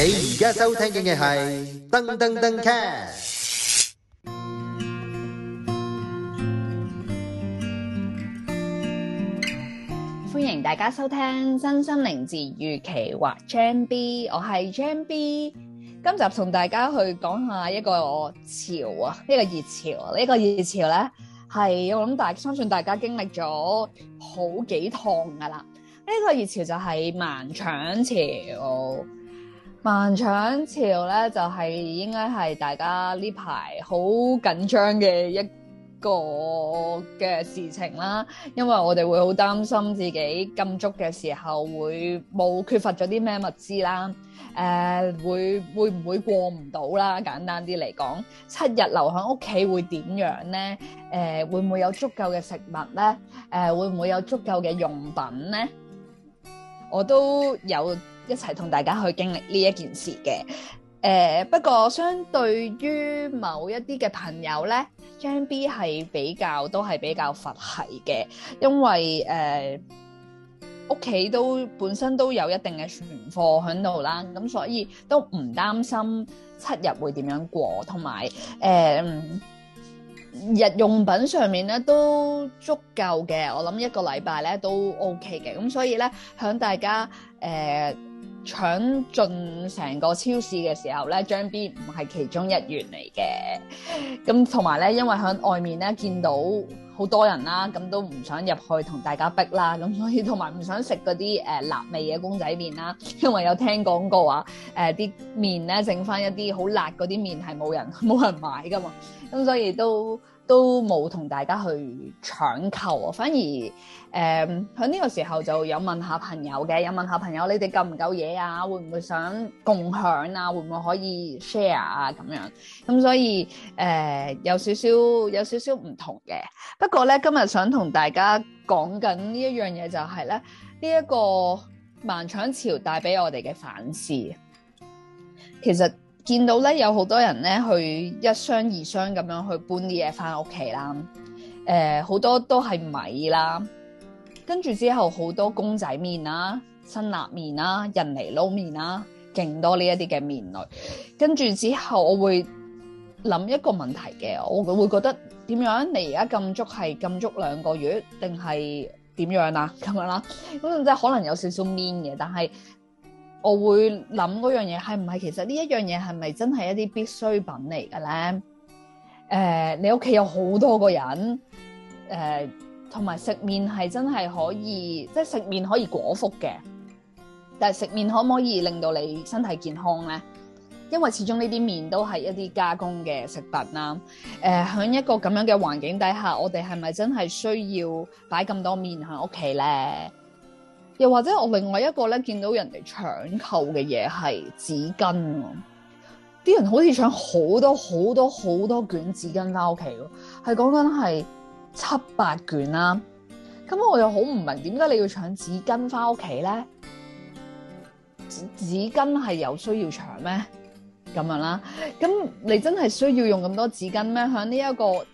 你而家收聽嘅係噔噔噔 cast，歡迎大家收聽《新心靈字語奇話》Jam B，我係 Jam B。今集同大家去講一下一個潮啊，呢個，呢個熱潮，呢個熱潮咧係我諗大，相信大家經歷咗好幾趟噶啦。呢個熱潮就係盲搶潮。慢搶潮咧，就係應該係大家呢排好緊張嘅一個嘅事情啦。因為我哋會好擔心自己禁足嘅時候會冇缺乏咗啲咩物資啦。誒，會會唔會過唔到啦？簡單啲嚟講，七日留喺屋企會點樣咧？誒，會唔會有足夠嘅食物咧？誒，會唔會有足夠嘅用品咧？我都有，一齊同大家去經歷呢一件事嘅，誒、呃，不過相對於某一啲嘅朋友咧，J B 係比較都係比較佛系嘅，因為誒屋企都本身都有一定嘅存貨喺度啦，咁所以都唔擔心七日會點樣過，同埋誒日用品上面咧都足夠嘅，我諗一個禮拜咧都 O K 嘅，咁所以咧向大家誒。呃搶盡成個超市嘅時候咧，張 B 唔係其中一員嚟嘅。咁同埋咧，因為喺外面咧見到好多人啦，咁都唔想入去同大家逼啦。咁所以同埋唔想食嗰啲誒辣味嘅公仔麵啦，因為有聽講過話，誒啲麵咧整翻一啲好辣嗰啲麵係冇人冇人買噶嘛。咁所以都。都冇同大家去搶購，反而誒喺呢個時候就有問下朋友嘅，有問下朋友你哋夠唔夠嘢啊？會唔會想共享啊？會唔會可以 share 啊？咁樣咁、嗯、所以誒、呃、有少少有少少唔同嘅。不過呢，今日想同大家講緊呢一樣嘢就係呢一個盲搶潮帶俾我哋嘅反思，其實。見到咧有好多人咧去一箱二箱咁樣去搬啲嘢翻屋企啦，誒、呃、好多都係米啦，跟住之後好多公仔麵啦、啊、辛辣麵啦、啊、印尼撈麵啦、啊，勁多呢一啲嘅麵類。跟住之後我會諗一個問題嘅，我會覺得點樣？你而家禁足係禁足兩個月，定係點樣啦、啊？咁樣啦，咁即係可能有少少麵嘅，但係。我會諗嗰樣嘢係唔係，其實呢一樣嘢係咪真係一啲必需品嚟嘅咧？誒，你屋企有好多個人，誒，同埋食麵係真係可以，即係食麵可以果腹嘅，但係食麵可唔可以令到你身體健康咧？因為始終呢啲麵都係一啲加工嘅食品啦。誒，喺一個咁樣嘅環境底下，我哋係咪真係需要擺咁多麵喺屋企咧？又或者我另外一個咧，見到人哋搶購嘅嘢係紙巾，啊，啲人好似搶好多好多好多卷紙巾翻屋企，係講緊係七八卷啦，啊。咁我又好唔明，點解你要搶紙巾翻屋企咧？紙巾係有需要搶咩？咁樣啦，咁你真係需要用咁多紙巾咩？喺呢一個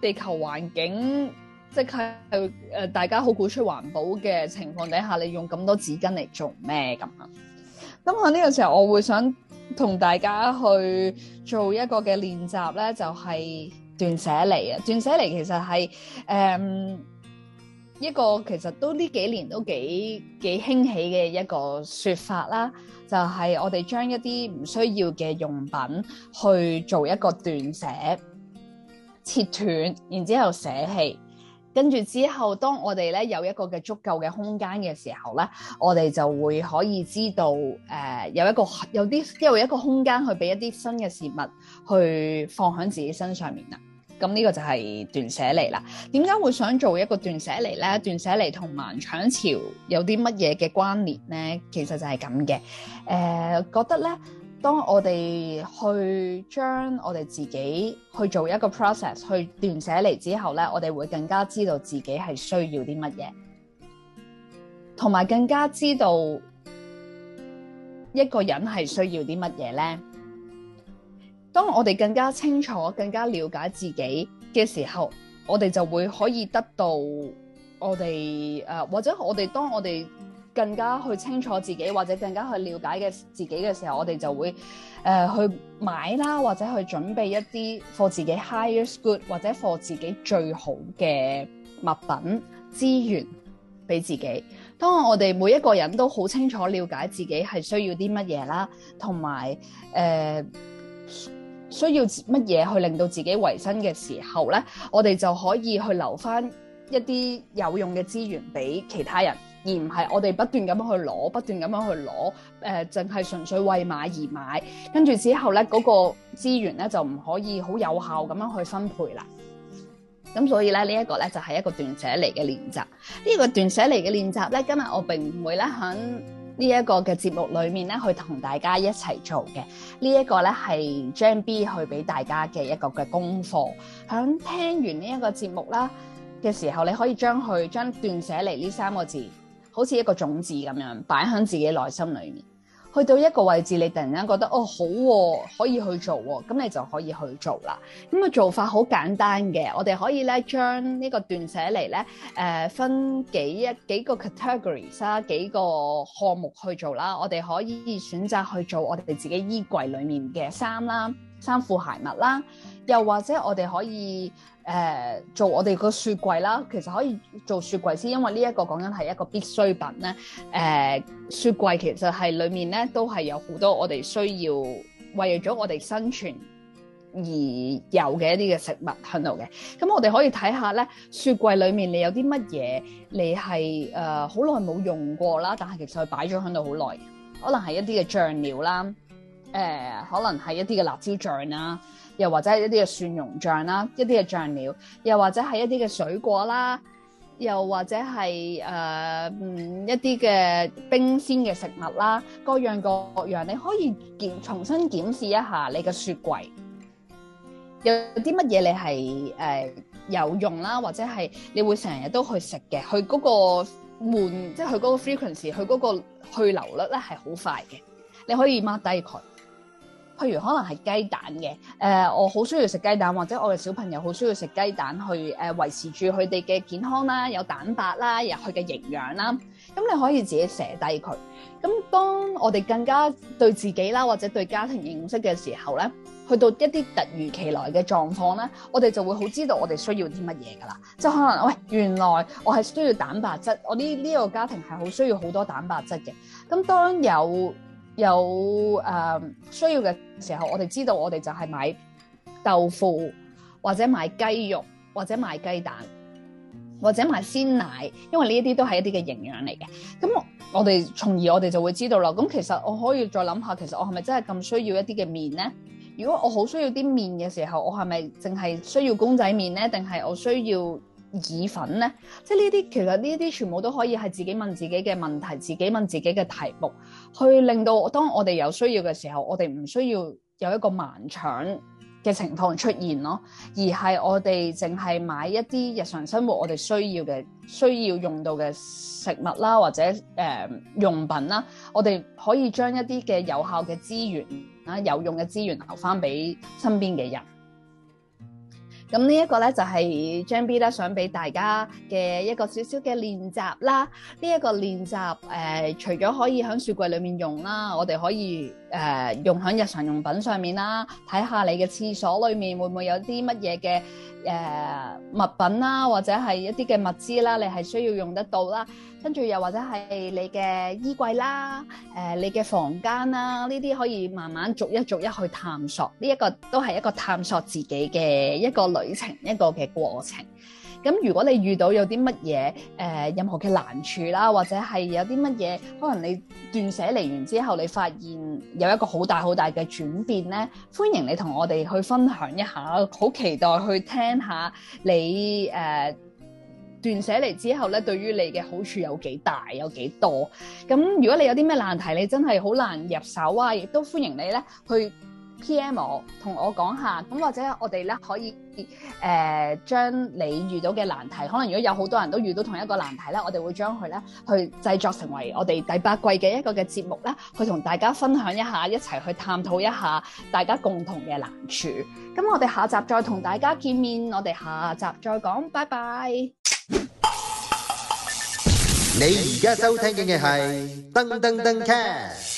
地球環境。即係誒、呃，大家好鼓吹環保嘅情況底下，你用咁多紙巾嚟做咩咁啊？咁喺呢個時候，我會想同大家去做一個嘅練習咧，就係、是、斷捨離啊！斷捨離其實係誒、嗯、一個其實都呢幾年都幾幾興起嘅一個說法啦，就係、是、我哋將一啲唔需要嘅用品去做一個斷捨，切斷，然之後捨棄。跟住之後，當我哋咧有一個嘅足夠嘅空間嘅時候咧，我哋就會可以知道，誒、呃、有一個有啲有一個空間去俾一啲新嘅事物去放喺自己身上面啦。咁、嗯、呢、這個就係斷捨離啦。點解會想做一個斷捨離咧？斷捨離同盲搶潮有啲乜嘢嘅關聯呢？其實就係咁嘅。誒、呃、覺得咧。當我哋去將我哋自己去做一個 process 去斷捨離之後咧，我哋會更加知道自己係需要啲乜嘢，同埋更加知道一個人係需要啲乜嘢咧。當我哋更加清楚、更加了解自己嘅時候，我哋就會可以得到我哋誒、呃，或者我哋當我哋。更加去清楚自己或者更加去了解嘅自己嘅時候，我哋就會誒、呃、去買啦，或者去準備一啲 for 自己 highest good 或者 for 自己最好嘅物品資源俾自己。當我哋每一個人都好清楚了解自己係需要啲乜嘢啦，同埋誒需要乜嘢去令到自己維生嘅時候咧，我哋就可以去留翻一啲有用嘅資源俾其他人。而唔係我哋不斷咁樣去攞，不斷咁樣去攞，誒，淨係純粹為買而買，跟住之後咧嗰、那個資源咧就唔可以好有效咁樣去分配啦。咁所以咧呢一、這個咧就係一個斷捨離嘅練習。呢、這個斷捨離嘅練習咧，今日我並唔會咧喺呢一個嘅節目裡面咧去同大家一齊做嘅。這個、呢一個咧係將 B 去俾大家嘅一個嘅功課。響聽完呢一個節目啦嘅時候，你可以將佢將斷捨離呢三個字。好似一個種子咁樣擺響自己內心裏面，去到一個位置，你突然間覺得哦，好哦，可以去做、哦，咁你就可以去做啦。咁、那、嘅、個、做法好簡單嘅，我哋可以咧將呢個斷捨離咧，誒、呃、分幾一幾個 categories 啦、啊，幾個項目去做啦。我哋可以選擇去做我哋自己衣櫃裏面嘅衫啦。衫褲鞋襪啦，又或者我哋可以誒、呃、做我哋個雪櫃啦。其實可以做雪櫃先，因為呢一個講緊係一個必需品咧。誒、呃，雪櫃其實係裡面咧都係有好多我哋需要為咗我哋生存而有嘅一啲嘅食物喺度嘅。咁、嗯、我哋可以睇下咧，雪櫃裡面你有啲乜嘢？你係誒好耐冇用過啦，但係其實佢擺咗喺度好耐，可能係一啲嘅醬料啦。誒、呃、可能係一啲嘅辣椒醬啦、啊，又或者係一啲嘅蒜蓉醬啦、啊，一啲嘅醬料，又或者係一啲嘅水果啦，又或者係誒、呃、嗯一啲嘅冰鮮嘅食物啦，各樣各樣，你可以檢重新檢視一下你嘅雪櫃，有啲乜嘢你係誒、呃、有用啦，或者係你會成日都去食嘅，佢嗰個門即係佢嗰個 frequency，佢嗰個去留率咧係好快嘅，你可以 mark 低佢。譬如可能係雞蛋嘅，誒、呃、我好需要食雞蛋，或者我嘅小朋友好需要食雞蛋去誒、呃、維持住佢哋嘅健康啦，有蛋白啦入去嘅營養啦，咁你可以自己寫低佢。咁當我哋更加對自己啦，或者對家庭認識嘅時候咧，去到一啲突如其來嘅狀況咧，我哋就會好知道我哋需要啲乜嘢噶啦。即係可能喂，原來我係需要蛋白質，我呢呢、呢個家庭係好需要好多蛋白質嘅。咁當有有誒、呃、需要嘅時候，我哋知道我哋就係買豆腐，或者買雞肉，或者買雞蛋，或者買鮮奶，因為呢一啲都係一啲嘅營養嚟嘅。咁我哋從而我哋就會知道啦。咁其實我可以再諗下，其實我係咪真係咁需要一啲嘅麵呢？如果我好需要啲麵嘅時候，我係咪淨係需要公仔麵呢？定係我需要意粉呢，即係呢啲，其實呢啲全部都可以係自己問自己嘅問題，自己問自己嘅題目，去令到當我哋有需要嘅時候，我哋唔需要有一個盲搶嘅情況出現咯，而係我哋淨係買一啲日常生活我哋需要嘅需要用到嘅食物啦，或者誒、呃、用品啦，我哋可以將一啲嘅有效嘅資源啦，有用嘅資源留翻俾身邊嘅人。咁呢一個咧就係 Jamby 咧想俾大家嘅一個少少嘅練習啦。呢、這、一個練習誒，除咗可以喺雪櫃裡面用啦，我哋可以誒、呃、用喺日常用品上面啦。睇下你嘅廁所裡面會唔會有啲乜嘢嘅誒物品啦，或者係一啲嘅物資啦，你係需要用得到啦。跟住又或者係你嘅衣櫃啦，誒、呃、你嘅房間啦，呢啲可以慢慢逐一逐一去探索。呢、這、一個都係一個探索自己嘅一個旅程，一個嘅過程。咁如果你遇到有啲乜嘢誒，任何嘅難處啦，或者係有啲乜嘢，可能你斷捨離完之後，你發現有一個好大好大嘅轉變呢，歡迎你同我哋去分享一下，好期待去聽下你誒。呃撰寫嚟之後咧，對於你嘅好處有幾大，有幾多？咁如果你有啲咩難題，你真係好難入手啊，亦都歡迎你咧去，P.M. 同我，我講下。咁或者我哋咧可以誒、呃，將你遇到嘅難題，可能如果有好多人都遇到同一個難題咧，我哋會將佢咧去製作成為我哋第八季嘅一個嘅節目咧，去同大家分享一下，一齊去探討一下大家共同嘅難處。咁我哋下集再同大家見面，我哋下集再講，拜拜。你而家收聽嘅係噔噔噔 cast